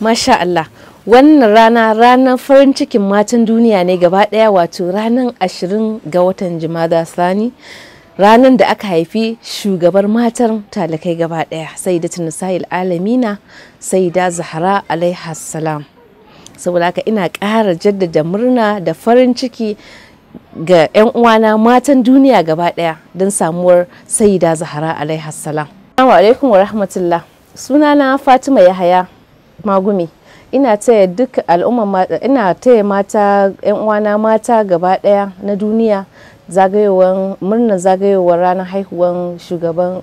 masha Allah wannan rana ranar farin cikin matan duniya ne gaba daya wato ranar ashirin ga watan jimada sani ranar da aka haifi shugabar matar talakai gaba daya sai da tunisayil alamina sai da zahara alaihassalam salam saboda haka ina kara jaddada murna da farin ciki ga 'yan uwana matan duniya gaba daya don samuwar da zahara alaihassalam. Assalamu alaikum wa rahmatullah sunana fatima yahaya magumi ina taya duk al'umma ina taya mata yan uwana mata gaba daya na duniya zagayowar murnar zagayowar ranar haihuwar shugaban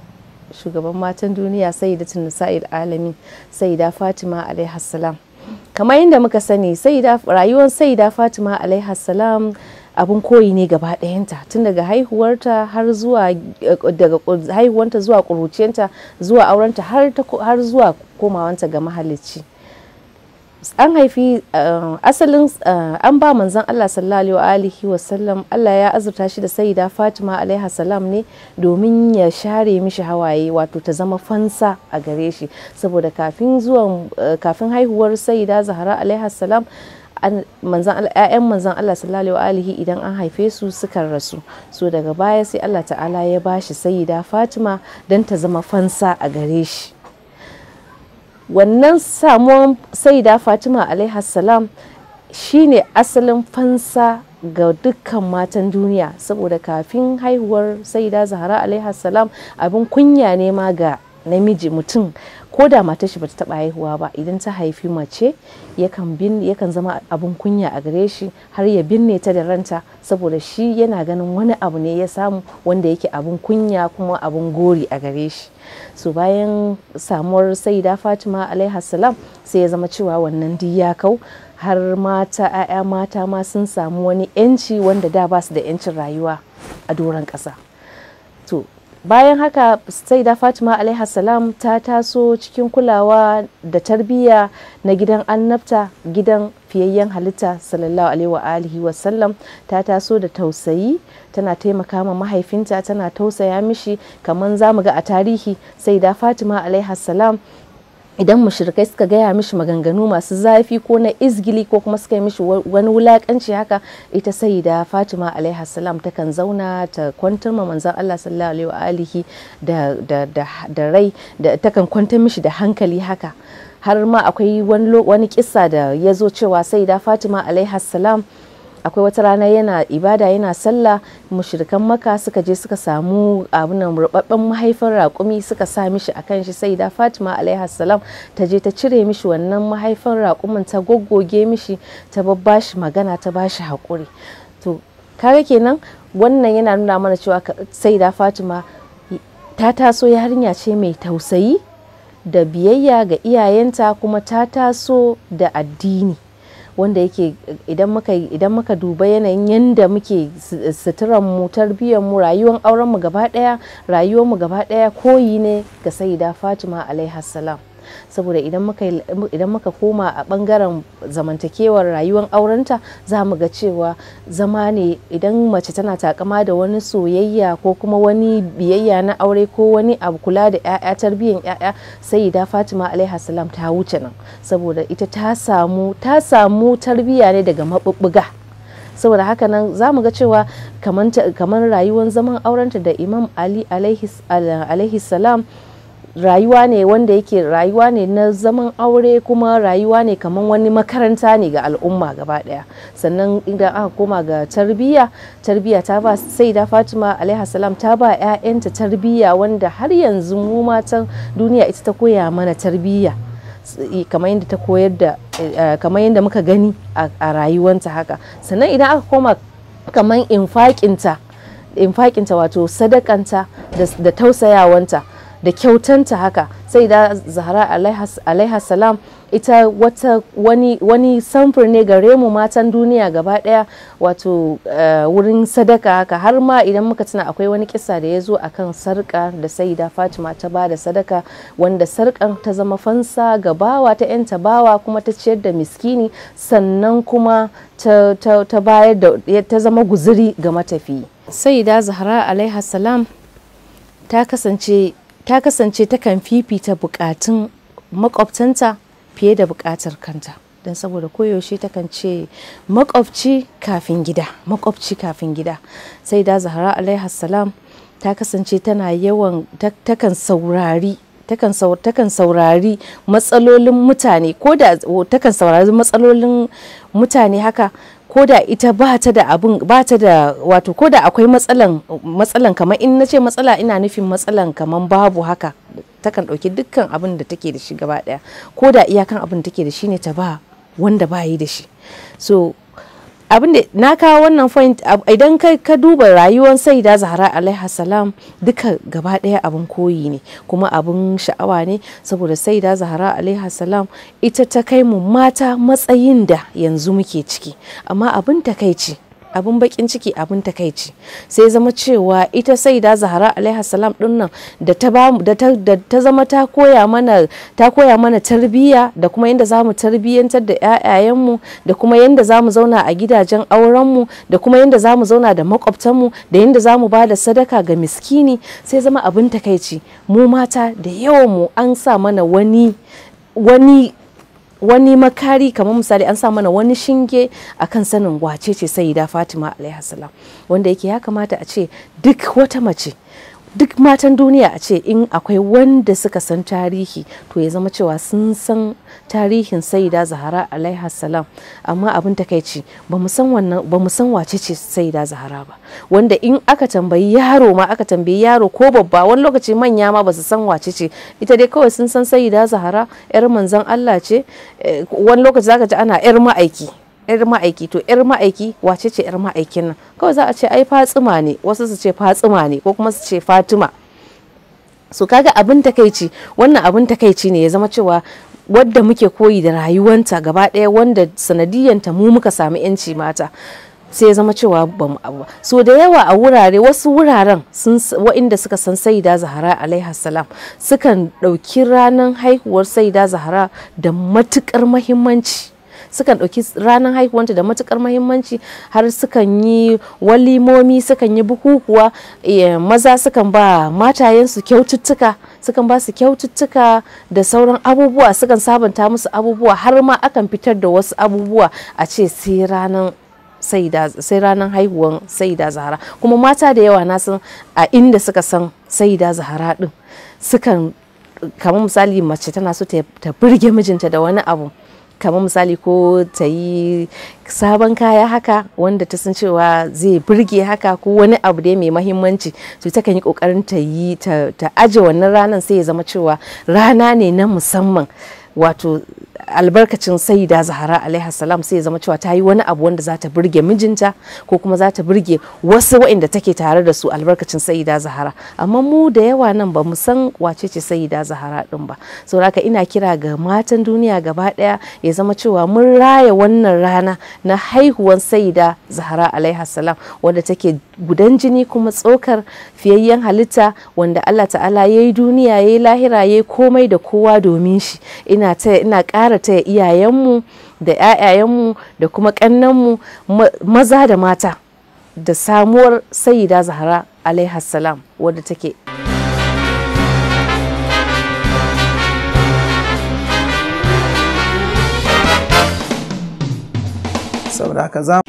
shugaban matan duniya sayyidatun nisa'il alamin sayyida fatima alaihi salam kamar yadda muka sani rayuwar sayyida fatima alaihi salam abun koyi ne gaba ɗayanta tun daga haihuwarta har zuwa eh, daga haihuwarta zuwa ƙuruciyarta zuwa aurenta har zuwa komawanta ga mahalicci an haifi eh, asalin eh, an ba manzan Allah sallallahu alaihi wa sallam Allah ya azurta shi da sayyida Fatima alaiha salam ne domin ya share mishi hawaye wato ta zama fansa a gare shi saboda kafin zuwan eh, kafin haihuwar sayyida Zahra alaiha salam ‘ya'yan manzan Allah sallallahu alaihi idan an haife su suka rasu so daga baya sai Allah ta'ala ya bashi sayyida Fatima dan ta zama fansa a gare shi wannan samuwan saida fatima alaihi salam shine asalin fansa ga dukkan matan duniya saboda kafin haihuwar saida zahara alaihi abin kunya ne ma ga namiji mutum ko da matar shi bata taba haihuwa ba idan ta haifi mace yakan zama abun kunya a gare shi har ya binne ta da ranta saboda shi yana ganin wani abu ne ya samu wanda yake abun kunya kuma abun gori a gare shi so bayan samuwar saida fatima alaihi salam sai ya zama cewa wannan duk ya kau har mata 'ya'ya mata ma sun samu wani 'yanci wanda da ba su da 'yancin rayuwa a doron ƙasa to bayan haka sai da fatima salam ta taso cikin kulawa da tarbiyya na gidan annabta gidan fiyayyen halitta sallallahu alaihi wa alihi sallam ta taso da tausayi tana taimaka ma mahaifinta tana tausaya mishi kamar zamu ga a tarihi sai da fatima salam idan mushrikai suka gaya mishi maganganu masu zafi ko na izgili ko kuma suka yi mishi wani wulakanci haka ita sai da fatima alaiha salam ta kan zauna ta kwantar ma manzon allah sallallahu alaihi wa alihi da rai da ta kan kwantar mishi da hankali haka har ma akwai wani kisa da ya zo cewa sai da fatima alaiha salam akwai wata rana yana ibada yana sallah mushrikan maka suka je suka samu abunan rubabben mahaifar raƙumi suka sa mishi akan shi sai da fatima alaihi salam ta je ta cire mishi wannan mahaifar raƙumin ta goggoge mishi ta babbashi magana ta bashi haƙuri to kare kenan wannan yana nuna mana cewa sai da fatima ta taso yarinya ce mai tausayi da biyayya ga iyayenta kuma ta taso da addini wanda yake idan muka duba yanayin yanda muke suturan mu tarbiyyar mu rayuwar auren mu gaba daya rayuwar mu gaba daya koyi ne ga sayyida Fatima alaihi salam saboda idan muka koma a bangaren zamantakewar rayuwar aurenta za mu ga cewa zama ne idan mace tana takama da wani soyayya ko kuma wani biyayya na aure ko wani abu kula da 'ya'ya tarbiyyar 'ya'ya sai da fatima alaiha salam ta wuce nan saboda ita ta samu ta samu tarbiyya ne daga maɓuɓɓuga saboda haka nan za mu ga cewa kamar rayuwar zaman aurenta da imam ali alaihi salam rayuwa ne wanda yake rayuwa ne na zaman aure kuma rayuwa ne kamar wani makaranta ne ga al'umma gaba daya sannan idan aka koma ga tarbiyya tarbiyya ta ba sai da fatima alaiha salam ta ba 'ya'yanta tarbiyya wanda har yanzu mu matan duniya ita ta koya mana tarbiyya kamar yadda koyar da eh, eh, kamar muka gani a rayuwanta haka sannan idan aka koma kamar infakinta infakinta wato sadakanta da tausayawanta da kyautanta haka sai da zahra alaiha salam ita wata wani, samfur ne gare mu matan duniya gaba daya wato eh, wurin sadaka haka har ma idan muka tuna akwai wani kisa da ya zo akan sarka da sai da fatima ta ba da sadaka wanda sarkan ta zama fansa ga bawa ta yan tabawa kuma ta ciyar da miskini sannan kuma ta, bayar da ta zama guzuri ga matafi sai da zahra alaiha salam ta kasance ta kasance takan fifita bukatun makwabtanta fiye da bukatar kanta don saboda koyaushe takan ce makwabci kafin gida makwabci kafin gida sai da zahara alaihi salam ta kasance tana yawan takan saurari takan saurari matsalolin mutane ko da takan saurari matsalolin mutane haka koda ita ba ta da abin ba ta da wato ko akwai matsalan matsalan kamar in nace matsala ina nufin matsalan kamar babu haka takan ɗauki dukkan abin da take da shi gaba ɗaya koda iyakan abin da take da shi ne ta ba wanda ba yi da shi so abin da na kawo wannan point idan ka duba rayuwar saida zahra alaiha salam duka gaba daya abin koyi ne kuma abin sha'awa ne saboda saida zahra alaiha salam ita ta kai mu mata matsayin da yanzu muke ciki amma abin takaici abun bakin ciki abin takaici sai zama cewa ita sai da zahara alaiha salam din nan da ta da ta zama ta koya mana ta koya mana tarbiyya da kuma yanda zamu tarbiyyantar da mu da kuma yanda zamu zauna a gidajen auren mu da kuma yanda zamu zauna da makwabtanmu da yanda zamu ba da sadaka ga miskini sai zama abin takaici mu mata da yawan mu an sa mana wani wani wani makari kamar misali an sa mana wani shinge a kan sanin wace ce sayida fatima alaihi wanda yake ya kamata a ce duk wata mace duk matan duniya a ce in akwai wanda suka san tarihi to ya zama cewa sun san tarihin saida zahara alaihi salam amma abin ta kai ce ba mu san wace ce saida zahara ba wanda in aka tambayi yaro ma aka tambayi yaro ko babba wani lokaci manya ma ba su san wace ce ita dai kawai sun san saida zahara yar manzon Allah ce eh, wani lokaci zaka ji ana yar ma'aiki yar ma'aiki to yar ma'aiki wace ce yar ma'aikin nan kawai za a ce ai fatsima ne wasu su ce fatsima ne ko kuma su ce fatima su kaga abin takaici wannan abin takaici ne ya zama cewa wadda muke koyi da rayuwanta gaba ɗaya wanda sanadiyanta mu muka samu 'yanci mata sai ya zama cewa ba mu abu so da yawa a wurare wasu wuraren wa'inda suka san saida zahara alaiha salam sukan ɗauki ranar haihuwar saida zahara da matukar mahimmanci sukan ɗauki ranar haihuwanta da matukar mahimmanci har sukan yi walimomi sukan yi bukukuwa eh, maza sukan ba matayensu kyaututtuka sukan ba su kyaututtuka da sauran abubuwa sukan sabanta musu abubuwa har ma akan fitar da wasu abubuwa a ce sai ranar sai ranar haihuwan saida zahara kuma mata da yawa na san a inda suka san saida zahara din sukan kamar misali mace tana so ta burge mijinta da wani abu kamar misali ko ta yi sabon kaya haka wanda ta san cewa zai burge haka ko wani abu da mai mahimmanci to ta kan yi kokarin ta yi ta aje wannan ranar sai ya zama cewa rana ne na musamman wato albarkacin sayida zahara alaiha salam sai ya zama cewa ta yi wani abu wanda za ta burge mijinta ko kuma za ta burge wasu waɗanda take tare da su albarkacin sayida zahara amma mu da yawa nan ba mu san wace ce sayida zahara din ba saboda haka ina kira ga matan duniya gaba ɗaya ya zama cewa mun raya wannan rana na haihuwan sayida zahara alaiha salam wanda take gudan jini kuma tsokar fiyayyen halitta wanda Allah ta'ala ya yi duniya ya yi lahira ya yi komai da kowa domin shi ina ina taya ina ƙara taya iyayenmu da 'ya'yayenmu da kuma ƙannenmu maza da mata da samuwar sayida zahara alaihi salam wadda take saboda haka